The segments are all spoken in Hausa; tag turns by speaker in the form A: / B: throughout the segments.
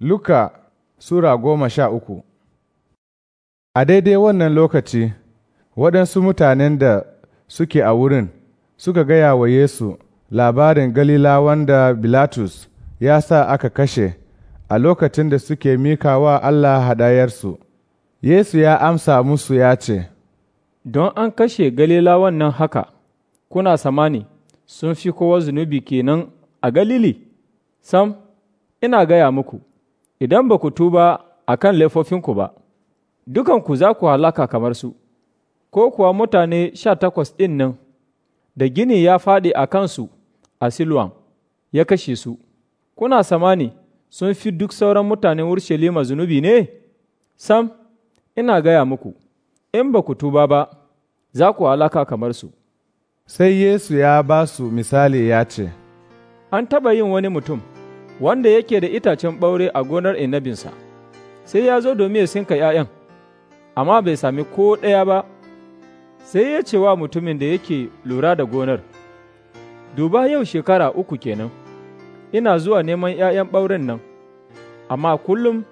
A: Luka Sura goma sha uku A daidai wannan lokaci, waɗansu mutanen da suke a wurin suka gaya wa Yesu labarin Galila wanda Bilatus ya sa aka kashe a lokacin da suke mika wa Allah hadayarsu. Yesu ya amsa musu ya ce,
B: Don an kashe Galilawan nan haka, kuna samani sun fi kowa zunubi kenan a Galili? Sam, ina gaya muku. idan ba ku tuba a kan laifofinku ba, dukanku za ku halaka kamar su, ko kuwa mutane sha takwas ɗin nan da gini ya faɗi a kansu a Silwan ya kashe su, kuna samani sun fi duk sauran mutanen Urshalima zunubi ne? Sam, ina gaya muku, in ba ku tuba ba, za ku halaka kamar su. Sai Yesu ya ba su misali ya ce, An taɓa yin wani mutum. wanda yake da itacen ɓaure a gonar inabinsa, sai ya zo domin ya sinka ’ya'yan, amma bai sami ko ɗaya ba, sai ya ce wa mutumin da yake lura da gonar, Duba yau shekara uku kenan, ina zuwa neman ’ya'yan ɓauren nan, amma kullum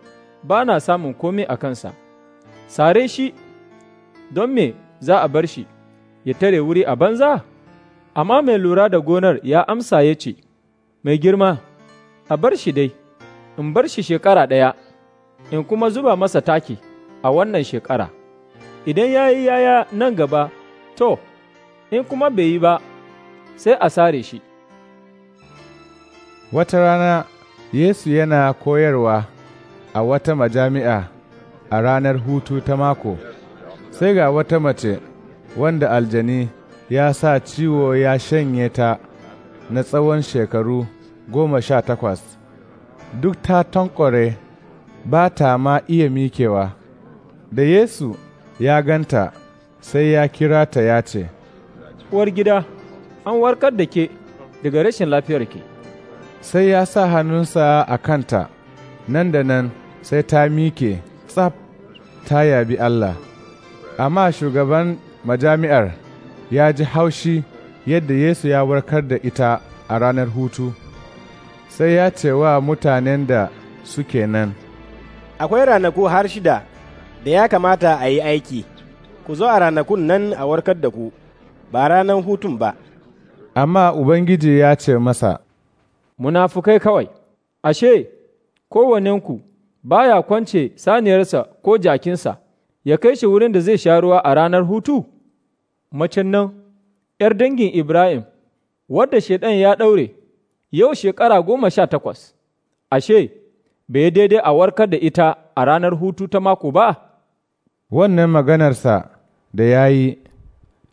B: ba na samun komai a kansa, sare shi, don me za a bar shi, ya tare wuri a banza? Amma mai lura da gonar ya amsa ya ce, Mai girma, a bar shi dai, in bar shi shekara ɗaya, in kuma zuba masa taki a wannan shekara, idan ya yi yaya nan gaba, to, in kuma bai yi ba, sai a sare shi.
A: Wata rana Yesu yana koyarwa a wata majami'a a ranar hutu ta mako, sai ga wata mace wanda aljani ya sa ciwo ya shanye ta na tsawon shekaru. goma sha takwas duk ta tankware ba ta ma iya mikewa da Yesu ya ganta sai ya kira ta ya ce,
B: Uwar gida, an warkar da ke daga rashin lafiyar ke
A: Sai ya sa hannunsa a kanta, nan da nan sai ta mike tsaf ta yabi Allah. Amma shugaban majami'ar ya ji haushi yadda Yesu ya warkar da ita a ranar hutu. sai ya ce wa mutanen da suke nan,
B: Akwai ranaku har shida da ya kamata a yi aiki, ku zo a ranakun nan a warkar da ku, ba ranar hutun ba.
A: Amma Ubangiji ya ce masa,
B: Munafukai kawai, ashe, kowanenku ba ya kwance saniyarsa ko jakinsa, ya kai shi wurin da zai sha ruwa a ranar hutu? Macen nan, ’yar dangin Ibrahim, wadda Shaiɗan ya ɗaure. yau shekara goma sha takwas, ashe, bai daidai a warkar da ita a ranar hutu ta mako ba?
A: Wannan maganarsa da ya yi,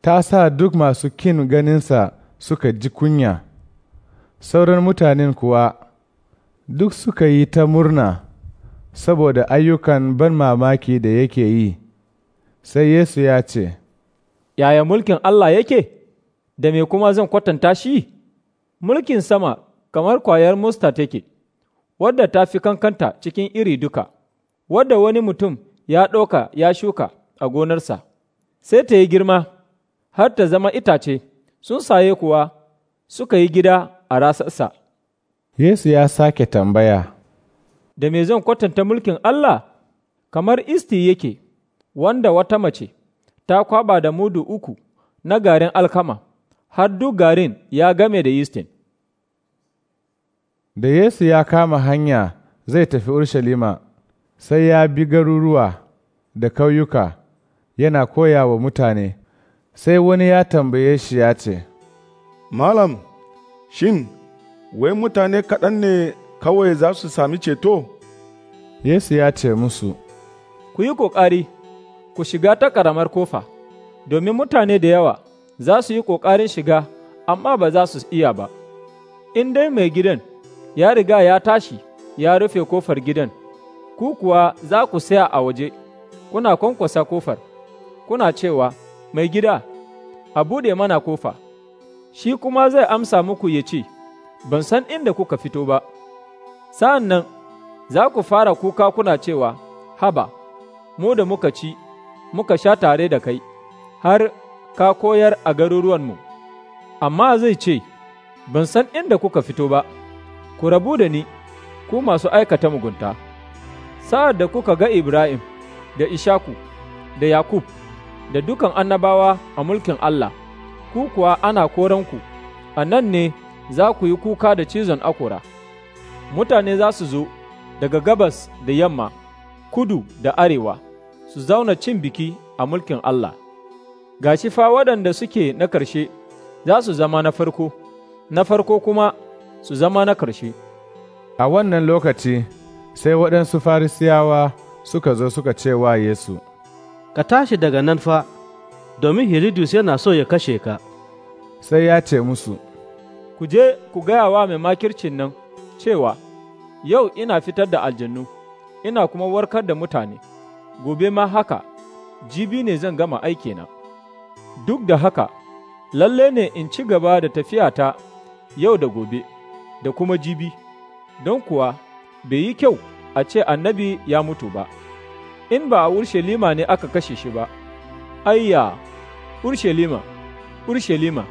A: ta sa duk masu kin ganinsa suka ji kunya, sauran mutanen kuwa duk suka yi ta murna saboda ayyukan ban mamaki da yake yi, sai Yesu ya ce,
B: Yaya mulkin Allah yake, da me kuma zan kwatanta shi? Mulkin sama kamar kwayar musta take, wadda ta fi kankanta cikin iri duka, wadda wani mutum ya ɗauka ya shuka a gonarsa, sai ta yi girma har ta zama itace, sun saye kuwa suka yi gida a rasarsa.
A: Yesu ya sake tambaya.
B: Da me zan kwatanta mulkin Allah, kamar isti yake, wanda wata mace ta kwaba da mudu uku na garin alkama, har duk garin ya game da yistin.
A: Da Yesu ya kama hanya zai tafi Urshalima, sai ya bi garuruwa da kauyuka yana koya wa mutane, sai wani ya tambaye shi ya ce, Malam, shin, wai mutane kaɗan ne kawai za su sami ceto? Yesu ya ce musu,
B: Ku yi ƙoƙari, ku shiga ta ƙaramar kofa, domin mutane da yawa za su yi ƙoƙarin shiga, amma ba za su iya ba. In dai mai gidan ya riga ya tashi ya rufe kofar gidan, ku kuwa za ku saya a waje, kuna kwankwasa kofar, kuna cewa, Mai gida, a buɗe mana kofa, shi kuma zai amsa muku ya ce, Ban san inda kuka fito ba, sa'an nan za ku fara kuka kuna cewa, Haba, mu da muka ci, muka sha tare da kai, har ka koyar a garuruwanmu, amma zai ce, Ban san inda kuka fito ba.’ ku rabu da ni, ku masu aikata mugunta, sa'ad da kuka ga Ibrahim da Ishaku da Yakub da dukan annabawa a mulkin Allah, ku kuwa ana koranku, a nan ne za ku yi kuka da cizon akura. Mutane za su zo daga gabas da yamma, kudu da arewa, su zauna cin biki a mulkin Allah. Gashi fa waɗanda suke na ƙarshe za su zama na farko, na farko kuma su zama na ƙarshe. A wannan lokaci
A: sai waɗansu farisiyawa suka zo suka ce wa Yesu, Ka tashi daga
B: nan fa, domin Hiridus yana so ya kashe ka.
A: Sai ya ce musu,
B: Ku je ku gaya wa mai makircin nan cewa, Yau ina fitar da aljannu, ina kuma warkar da mutane, gobe ma haka, jibi ne zan gama aikina. Duk da haka, lalle ne in ci gaba da tafiyata yau da gobe. da kuma jibi, don kuwa bai yi kyau a ce annabi ya mutu ba, in ba a Urshelima ne aka kashe shi ba, ayya, Urshelima, Urshelima,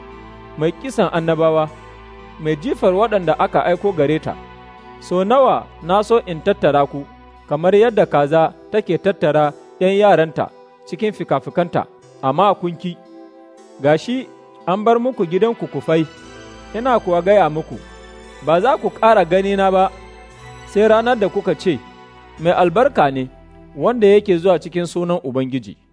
B: mai kisan annabawa, mai jifar waɗanda aka aiko gare ta, so nawa na so in tattara ku, kamar yadda kaza take tattara ’yan yaranta cikin fikafikanta, amma kunki, gashi an bar muku gidanku kufai, ina kuwa gaya muku. ba za ku ƙara ganina ba, sai ranar da kuka ce, Mai albarka ne wanda yake zuwa cikin sunan Ubangiji.